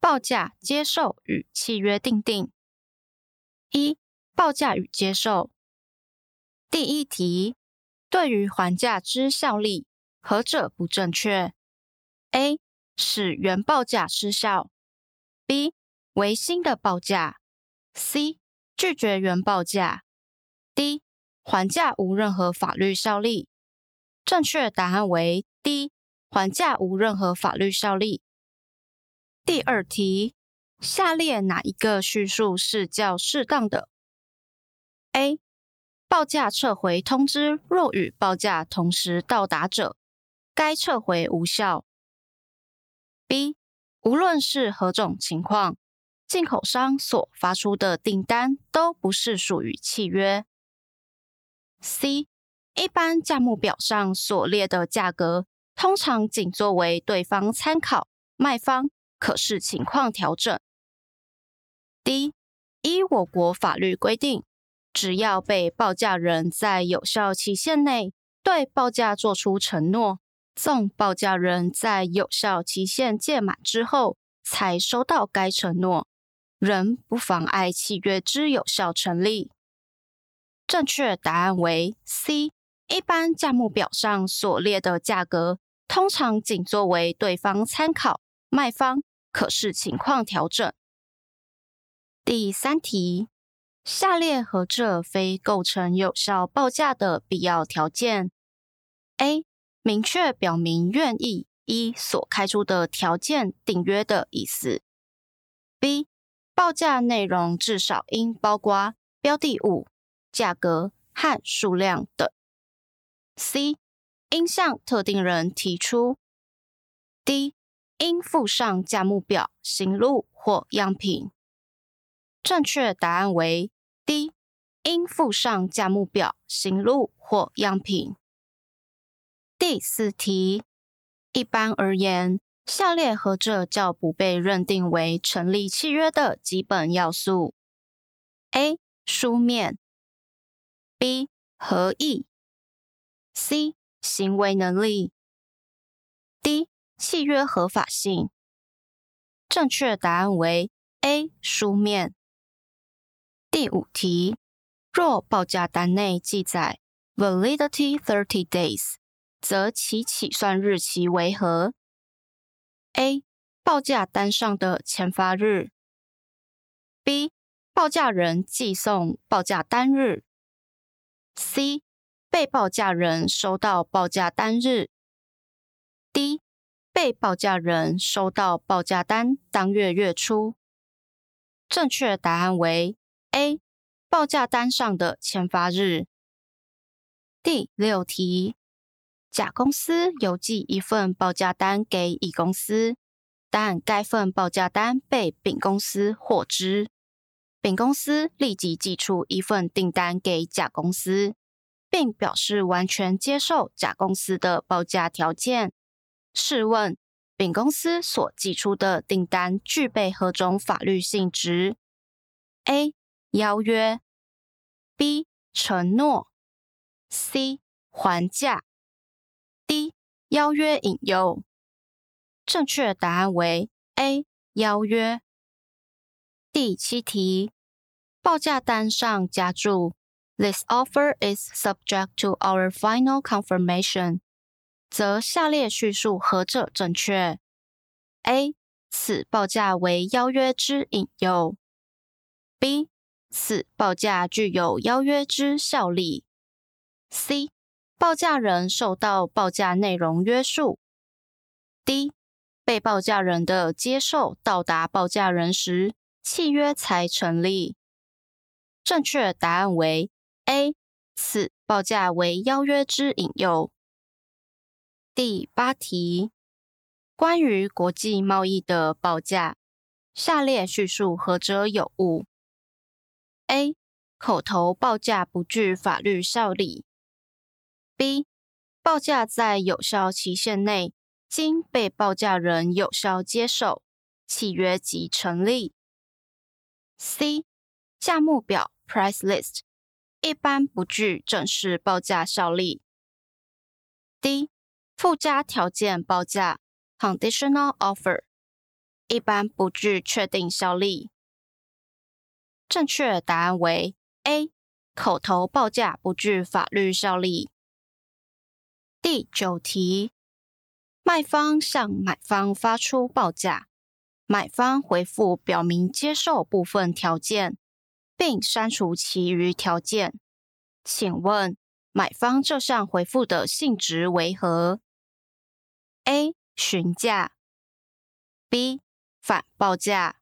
報價、接受與契約訂定。一、報價與接受。第一題，對於還價之效力，何者不正確？A. 使原報價失效。B. 為新的報價。C. 拒絕原報價。D. 還價無任何法律效力。正確答案為 D。還價無任何法律效力。第二題，下列哪一個敘述是較適當的？A. 報價撤回通知若與報價同時到達者，該撤回無效。B. 無論是何種情況，進口商所發出的訂單都不是屬於契約。C. 一般價目表上所列的價格，通常僅作為對方參考，賣方。可視情況調整。D，依我國法律規定，只要被報價人在有效期限內對報價作出承諾，縱報價人在有效期限屆滿之後才收到該承諾，仍不妨礙契約之有效成立。正確答案為 C。一般價目表上所列的價格，通常僅作為對方參考，賣方。可視情況調整。第三題，下列何者非構成有效報價的必要條件？A. 明確表明願意依所開出的條件訂約的意思。B. 報價內容至少應包括標的物、價格和數量等。C. 應向特定人提出。D. 應附上價目表、型錄或樣品。正確答案為 D。應附上價目表、型錄或樣品。第四題，一般而言，下列何者較不被認定為成立契約的基本要素？A. 書面 B. 合意 C. 行為能力 D. 契約合法性，正確答案為 A，書面。第五題，若報價單內記載 Validity Thirty Days，則其起算日期為何？A. 報價單上的簽發日。B. 報價人寄送報價單日。C. 被報價人收到報價單日。D. 被報價人收到報價單當月月初，正確答案為 A。報價單上的簽發日。第六題，甲公司郵寄一份報價單給乙公司，但該份報價單被丙公司獲知，丙公司立即寄出一份訂單給甲公司，並表示完全接受甲公司的報價條件。試問，丙公司所寄出的訂單具備何種法律性質？A. 邀約 B. 承諾 C. 還價 D. 邀約引誘。正確答案為 A. 邀約。第七題，報價單上加注：This offer is subject to our final confirmation。則下列敘述何者正確？A. 此報價為邀約之引誘。B. 此報價具有邀約之效力。C. 報價人受到報價內容約束。D. 被報價人的接受到達報價人時，契約才成立。正確答案為 A。此報價為邀約之引誘。第八題，關於國際貿易的報價，下列敘述何者有誤？A. 口頭報價不具法律效力。B. 報價在有效期限內，經被報價人有效接受，契約即成立。C. 價目表 （Price List） 一般不具正式報價效力。D. 附加條件報價 （Conditional Offer） 一般不具確定效力。正確答案為 A，口頭報價不具法律效力。第九題，賣方向買方發出報價，買方回復表明接受部分條件，並刪除其餘條件。請問買方這項回復的性質為何？A 詢價，B 反報價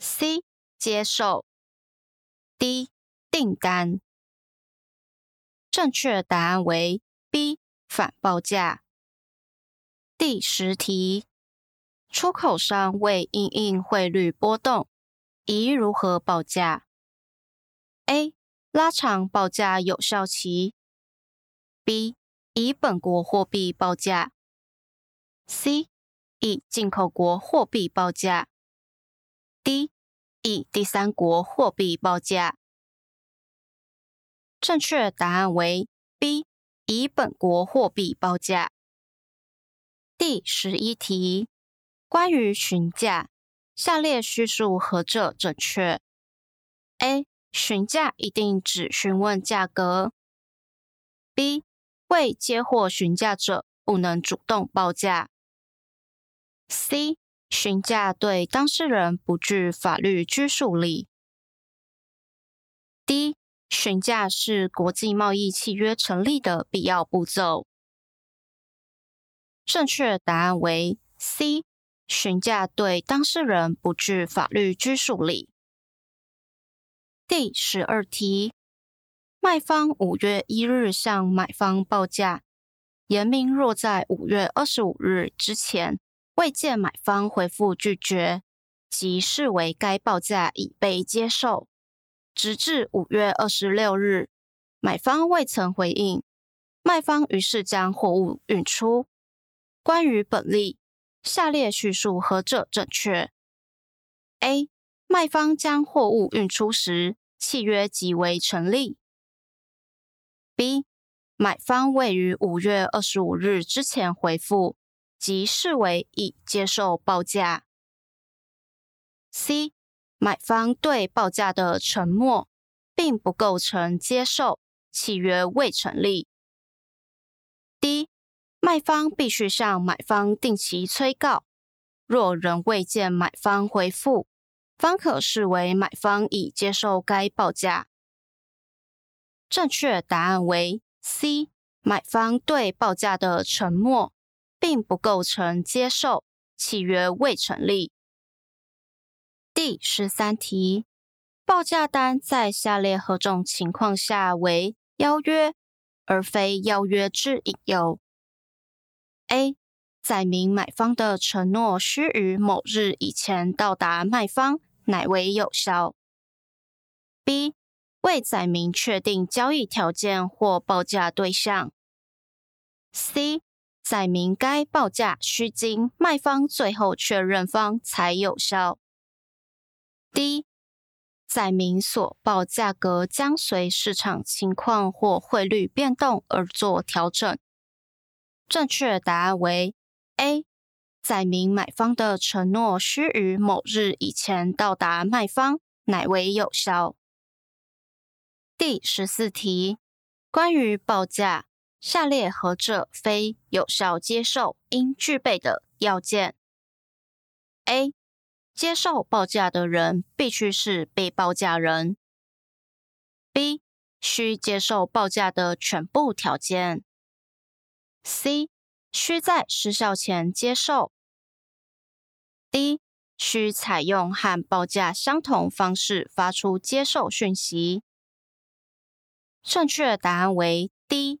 ，C 接受，D 訂單。正確答案為 B 反報價。第十題，出口商為因應匯率波動，宜如何報價？A 拉長報價有效期，B 以本國貨幣報價。C 以進口國貨幣報價，D 以第三國貨幣報價。正確答案為 B 以本國貨幣報價。第十一題，關於詢價，下列敘述何者正確？A 詢價一定只詢問價格。B 未接獲詢價者不能主動報價。C 詢價對當事人不具法律拘束力。D 詢價是國際貿易契約成立的必要步驟。正確答案為 C 詢價對當事人不具法律拘束力。第十二題，賣方五月一日向買方報價，言明若在五月二十五日之前。未見買方回復拒絕，即視為該報價已被接受。直至五月二十六日，買方未曾回應，賣方於是將貨物運出。關於本例，下列敘述何者正確？A. 賣方將貨物運出時，契約即為成立。B. 買方未於五月二十五日之前回復。即視為已接受報價。C. 買方對報價的沉默，並不構成接受，契約未成立。D. 賣方必須向買方定期催告，若仍未見買方回復，方可視為買方已接受該報價。正確答案為 C。買方對報價的沉默。並不構成接受，契約未成立。第十三題，報價單在下列何種情況下為邀約而非邀約之引誘？A. 載明買方的承諾須於某日以前到達賣方，乃為有效。B. 未載明確定交易條件或報價對象。C. 載明該報價需經賣方最後確認方才有效。D. 載明所報價格將隨市場情況或匯率變動而做調整。正確答案為 A. 載明買方的承諾需於某日以前到達賣方，乃為有效。第十四題，關於報價。下列何者非有效接受應具備的要件？A. 接受報價的人必須是被報價人。B. 需接受報價的全部條件。C. 需在失效前接受。D. 需採用和報價相同方式發出接受訊息。正確答案為 D。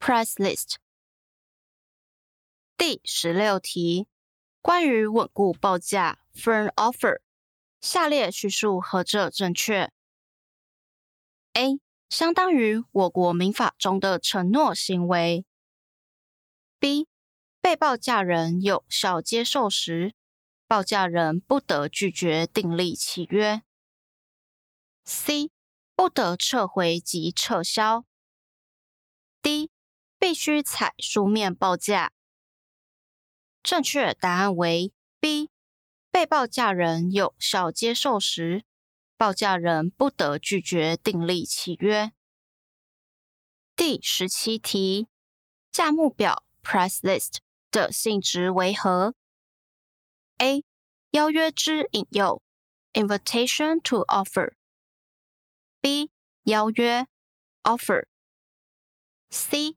Price list，第十六題，關於穩固報價 （firm offer），下列敘述何者正確？A. 相當於我國民法中的承諾行為。B. 被報價人有效接受時，報價人不得拒絕訂立契約。C. 不得撤回及撤銷。D. 必須採書面報價。正確答案為 B。被報價人有效接受時，報價人不得拒絕訂立契約。第十七題，價目表 （Price List） 的性質為何？A. 邀約之引誘 （Invitation to Offer）。B. 邀約 （Offer）。C.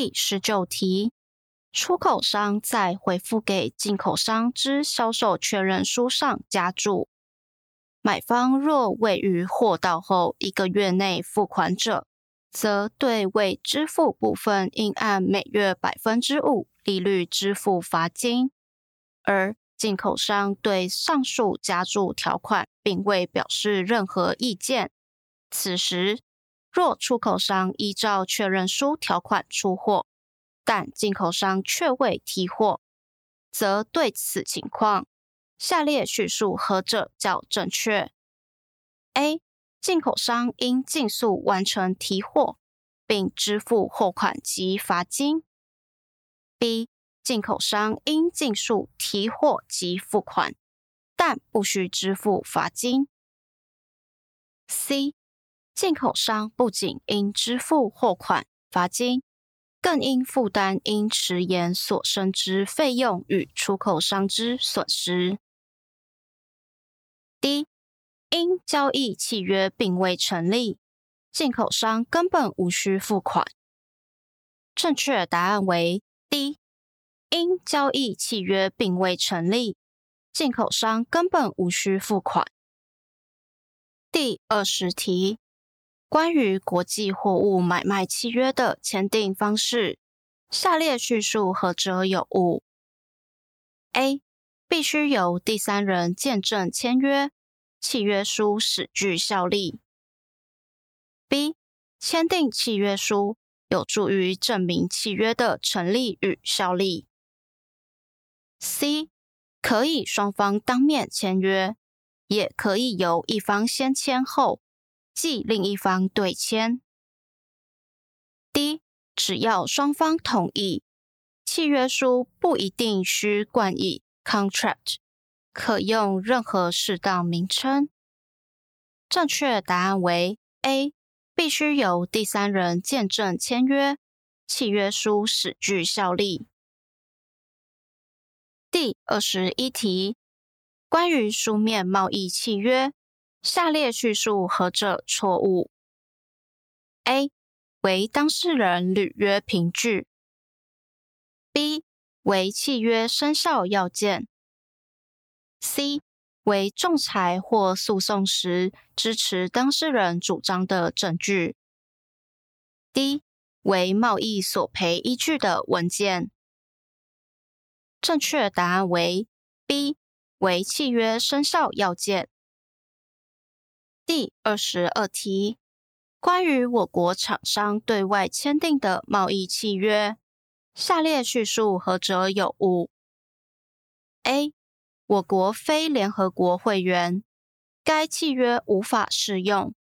第十九題，出口商在回復給進口商之銷售確認書上加註：買方若未於貨到後一個月內付款者，則對未支付部分應按每月百分之五利率支付罰金。而進口商對上述加註條款並未表示任何意見。此時，若出口商依照確認書條款出貨，但進口商卻未提貨，則對此情況，下列敘述何者較正確？A. 進口商應盡速完成提貨，並支付貨款及罰金。B. 進口商應盡速提貨及付款，但不需支付罰金。C. 進口商不僅應支付貨款、罰金，更應負擔因遲延所生之費用與出口商之損失。D，因交易契約並未成立，進口商根本無需付款。正確答案為 D，因交易契約並未成立，進口商根本無需付款。第二十題。關於國際貨物買賣契約的簽訂方式，下列敘述何者有誤？A. 必須由第三人見證簽約，契約書始具效力。B. 簽訂契約書有助於證明契約的成立與效力。C. 可以雙方當面簽約，也可以由一方先簽後。即另一方對簽。D 只要雙方同意，契約書不一定需冠以 contract，可用任何適當名稱。正確答案為 A，必須由第三人見證簽約，契約書始具效力。第二十一題，關於書面貿易契約。下列敘述何者錯誤？A 為當事人履約憑據，B 為契約生效要件，C 為仲裁或訴訟時支持當事人主張的證據，D 為貿易索賠依據的文件。正確答案為 B 為契約生效要件。第二十二題，關於我國廠商對外簽訂的貿易契約，下列敘述何者有誤？A. 我國非聯合國會員，該契約無法適用《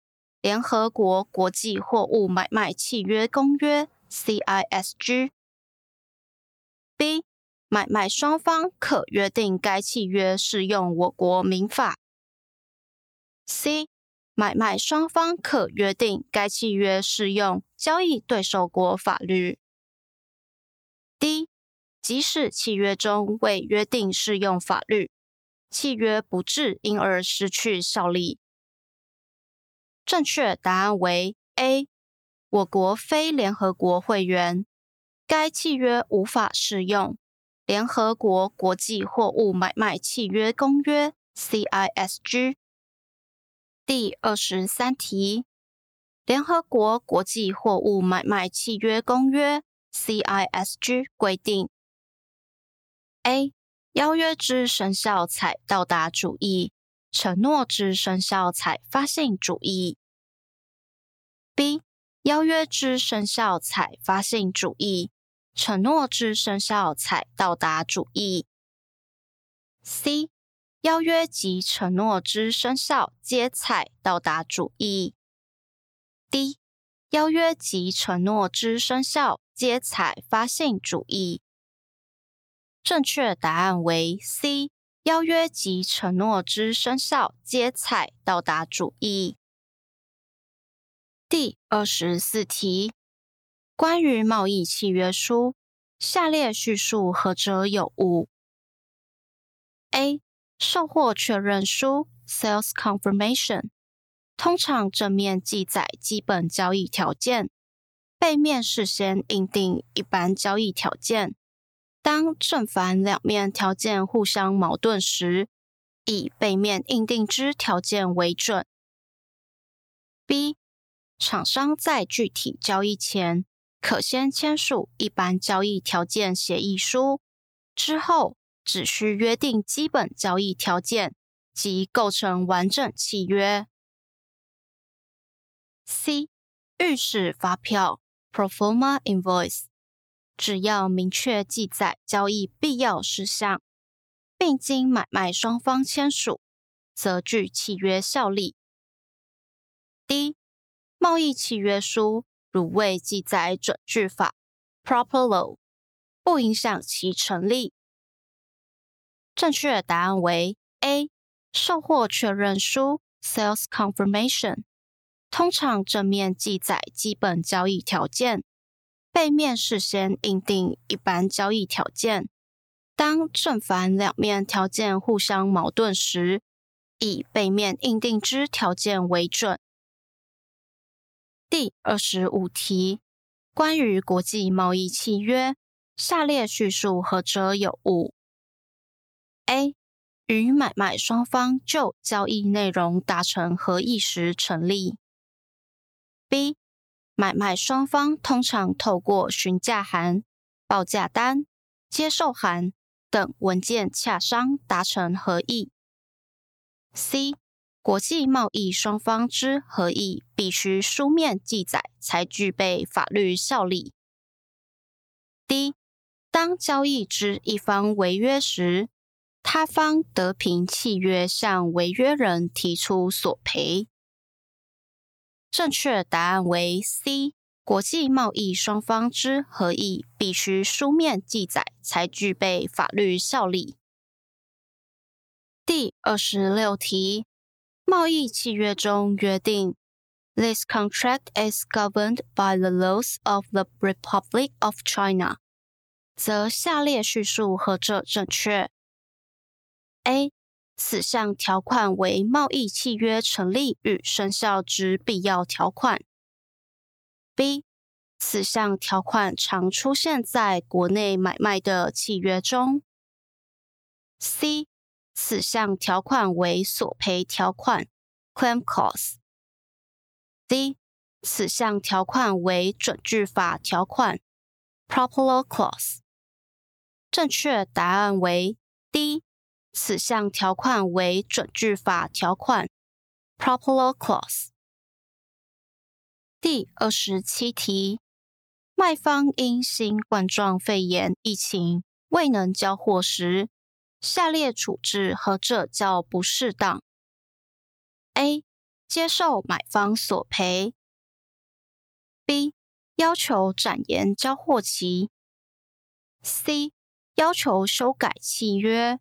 聯合國國際貨物買賣契約公約》（CISG）。B. 買賣雙方可約定該契約適用我國民法。C. 買賣雙方可約定該契約適用交易對手國法律。D. 即使契約中未約定適用法律，契約不致因而失去效力。正確答案為 A。我國非聯合國會員，該契約無法適用《聯合國國際貨物買賣契約公約》（CISG）。第二十三題，《聯合國國際貨物買賣契約公約》（CISG） 規定：A. 邀約之生效採到達主義，承諾之生效採發信主義；B. 邀約之生效採發信主義，承諾之生效採到達主義；C. 邀約及承諾之生效皆採到達主義。D. 邀約及承諾之生效皆採發信主義。正確答案為 C. 邀約及承諾之生效皆採到達主義。第二十四題，關於貿易契約書，下列敘述何者有誤？A. 售貨確認書 （Sales Confirmation） 通常正面記載基本交易條件，背面事先印定一般交易條件。當正反兩面條件互相矛盾時，以背面印定之條件為準。B. 廠商在具體交易前，可先簽署一般交易條件協議書，之後，只需約定基本交易條件，即構成完整契約。C. 預示發票 （Proforma Invoice） 只要明確記載交易必要事項，並經買賣雙方簽署，則具契約效力。D. 貿易契約書如未記載準據法 （Proper Law），不影響其成立。正確答案為 A，售貨確認書 （Sales Confirmation） 通常正面記載基本交易條件，背面事先印定一般交易條件。當正反兩面條件互相矛盾時，以背面印定之條件為準。第二十五題，關於國際貿易契約，下列敘述何者有誤？A 與買賣雙方就交易內容達成合意時成立。B 買賣雙方通常透過詢價函、報價單、接受函等文件洽商達成合意。C 國際貿易雙方之合意必須書面記載才具備法律效力。D 當交易之一方違約時，他方得憑契約向違約人提出索賠。正確答案為 C。國際貿易雙方之合意必須書面記載才具備法律效力。第二十六題，貿易契約中約定 This contract is governed by the laws of the Republic of China，則下列敘述何者正確？A，此項條款為貿易契約成立與生效之必要條款。B，此項條款常出現在國內買賣的契約中。C，此項條款為索賠條款 （claim clause）。D，此項條款為準據法條款 （proper law clause）。正確答案為 D。此項條款為準據法條款 （proper clause）。第二十七題，賣方因新冠狀肺炎疫情未能交貨時，下列處置何者較不適當？A. 接受買方索賠；B. 要求展延交貨期；C. 要求修改契約。